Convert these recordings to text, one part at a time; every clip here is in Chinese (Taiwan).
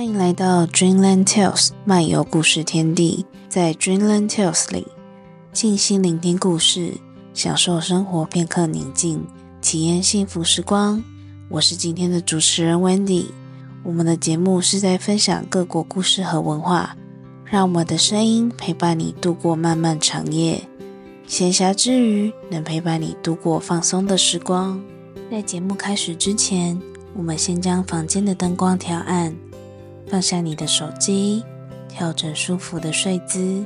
歡迎來到 Dreamland Tales 漫遊故事天地。在 Dreamland Tales 裡，靜心聆聽故事，享受生活片刻寧靜，體驗幸福時光。我是今天的主持人 Wendy。我們的節目是在分享各國故事和文化，讓我們的聲音陪伴你度過漫漫長夜。閒暇之餘，能陪伴你度過放鬆的時光。在節目開始之前，我們先將房間的燈光調暗。放下你的手機，調整舒服的睡姿，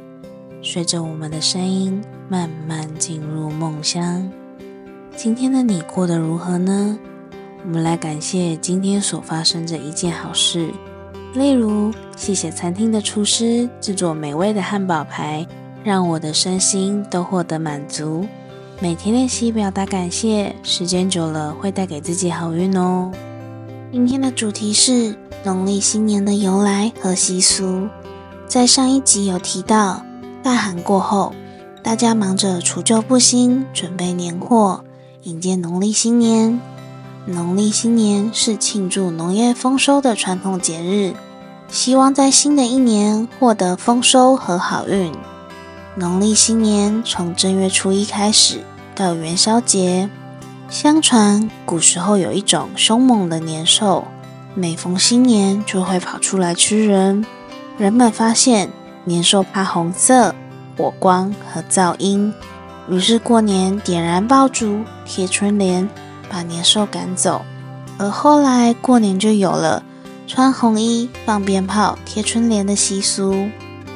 隨着我們的聲音慢慢進入夢鄉。今天的你過得如何呢？我們來感謝今天所發生的一件好事，例如謝謝餐廳的廚師制作美味的漢堡排，讓我的身心都獲得滿足。每天練習表達感謝，時間久了會帶給自己好運哦。今天的主題是。農曆新年的由來和習俗，在上一集有提到。大寒過後，大家忙着除舊布新，準備年貨，迎接農曆新年。農曆新年是慶祝農業豐收的傳統節日，希望在新的一年獲得豐收和好運。農曆新年從正月初一開始到元宵節。相傳，古時候有一種凶猛的年獸。每逢新年就會跑出來吃人，人們發現年獸怕紅色、火光和噪音，於是過年點燃爆竹、貼春聯，把年獸趕走。而後來過年就有了穿紅衣、放鞭炮、貼春聯的習俗。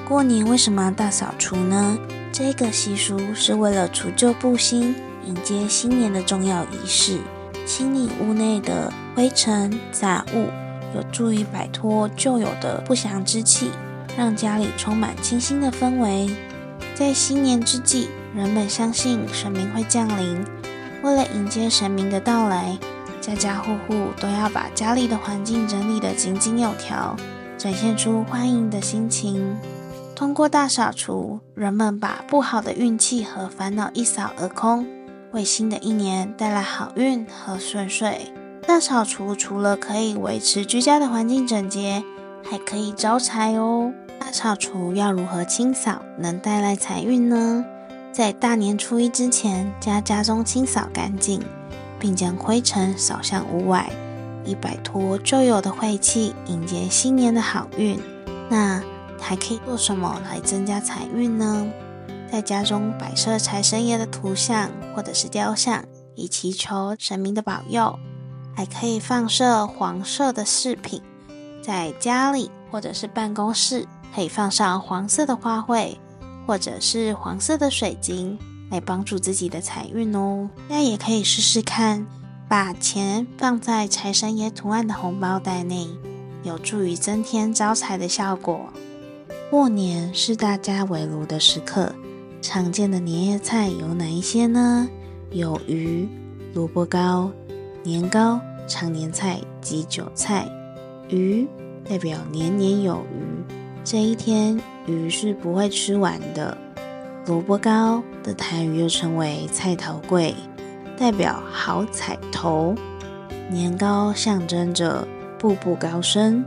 過年為什麼大掃除呢？這個習俗是為了除舊布新，迎接新年的重要儀式。清理屋內的灰塵雜物，有助於擺脫舊有的不祥之氣，讓家裡充滿清新的氛圍。在新年之際，人們相信神明會降臨。為了迎接神明的到來，家家戶戶都要把家裡的環境整理得井井有條，展現出歡迎的心情。通過大掃除，人們把不好的運氣和煩惱一掃而空。為新的一年帶來好運和順遂。大掃除除了可以維持居家的環境整潔，還可以招財哦。大掃除要如何清掃能帶來財運呢？在大年初一之前，將家中清掃乾淨，並將灰塵掃向屋外，以擺脫舊有的晦氣，迎接新年的好運。那還可以做什麼來增加財運呢？在家中擺設財神爺的圖像或者是雕像，以祈求神明的保佑。還可以放射黃色的飾品，在家裡或者是辦公室可以放上黃色的花卉或者是黃色的水晶，來幫助自己的財運哦。大家也可以試試看，把錢放在財神爺圖案的紅包袋內，有助於增添招財的效果。過年是大家圍爐的時刻。常見的年夜菜有哪一些呢？有魚、蘿蔔糕、年糕、長年菜及韭菜。魚代表年年有餘，這一天魚是不會吃完的。蘿蔔糕的台語又稱為菜頭粿，代表好彩頭。年糕象徵着步步高升，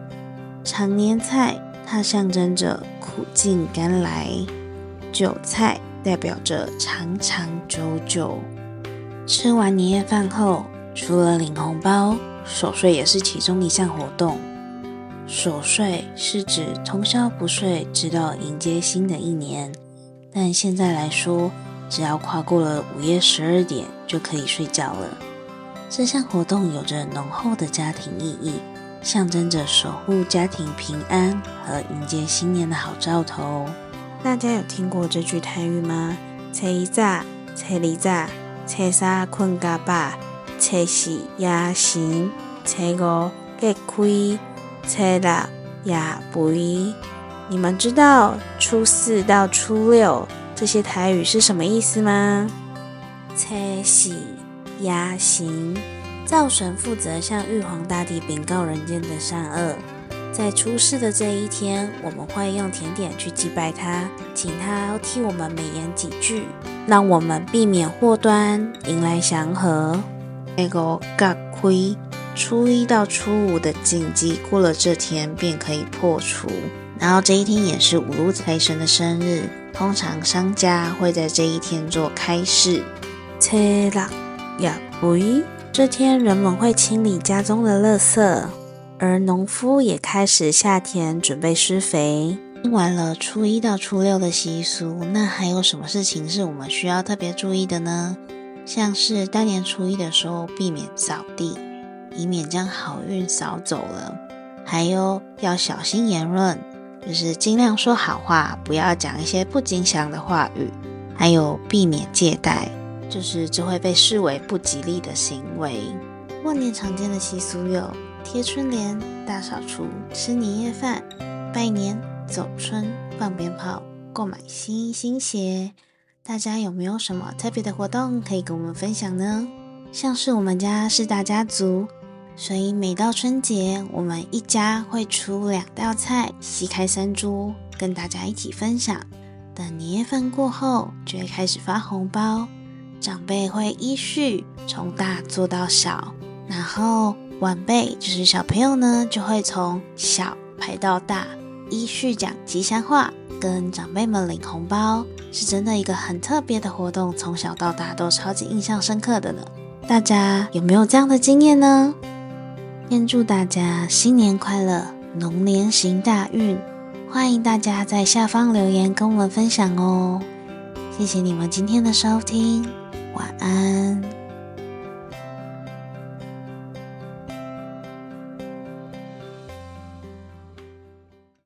長年菜它象徵着苦盡甘來。韭菜代表着長長久久。吃完年夜飯後，除了領紅包，守歲也是其中一項活動。守歲是指通宵不睡，直到迎接新的一年。但現在來說，只要跨過了午夜十二點，就可以睡覺了。這項活動有着濃厚的家庭意義，象徵着守護家庭平安和迎接新年的好兆頭。大家有聽過這句台語嗎？初一早，初二早，初三困覺飽，初四接神，初五隔開，初六挹肥。你們知道初四到初六這些台語是什麼意思嗎？接神，灶神負責向玉皇大帝禀告人間的善惡。在出事的這一天，我們會用甜點去祭拜他，請他替我們美言幾句，讓我們避免禍端，迎來祥和。那個隔開，初一到初五的禁忌過了這天便可以破除。然後這一天也是五路財神的生日，通常商家會在這一天做開市。初六挹肥，這天人們會清理家中的垃圾，而農夫也。開始下田準備施肥。聽完了初一到初六的習俗，那還有什麼事情是我們需要特別注意的呢？像是大年初一的時候避免掃地，以免將好運掃走了。還有要小心言論，就是盡量說好話，不要講一些不吉祥的話語。還有避免借貸，就是這會被視為不吉利的行為。過年常見的習俗有貼春聯、大掃除、吃年夜飯、拜年、走春、放鞭炮、購買新衣新鞋，大家有沒有什麼特別的活動可以跟我們分享呢？像是我們家是大家族，所以每到春節，我們一家會出兩道菜，席開三桌，跟大家一起分享。等年夜飯過後，就會開始發紅包，長輩會依序從大做到小，然後。晚輩就是小朋友呢，就會從小排到大，依序講吉祥話，跟長輩們領紅包，是真的一個很特別的活動，從小到大都超級印象深刻的呢。大家有沒有這樣的經驗呢？先祝大家新年快樂，龍年行大運！歡迎大家在下方留言跟我們分享哦。謝謝你們今天的收聽，晚安。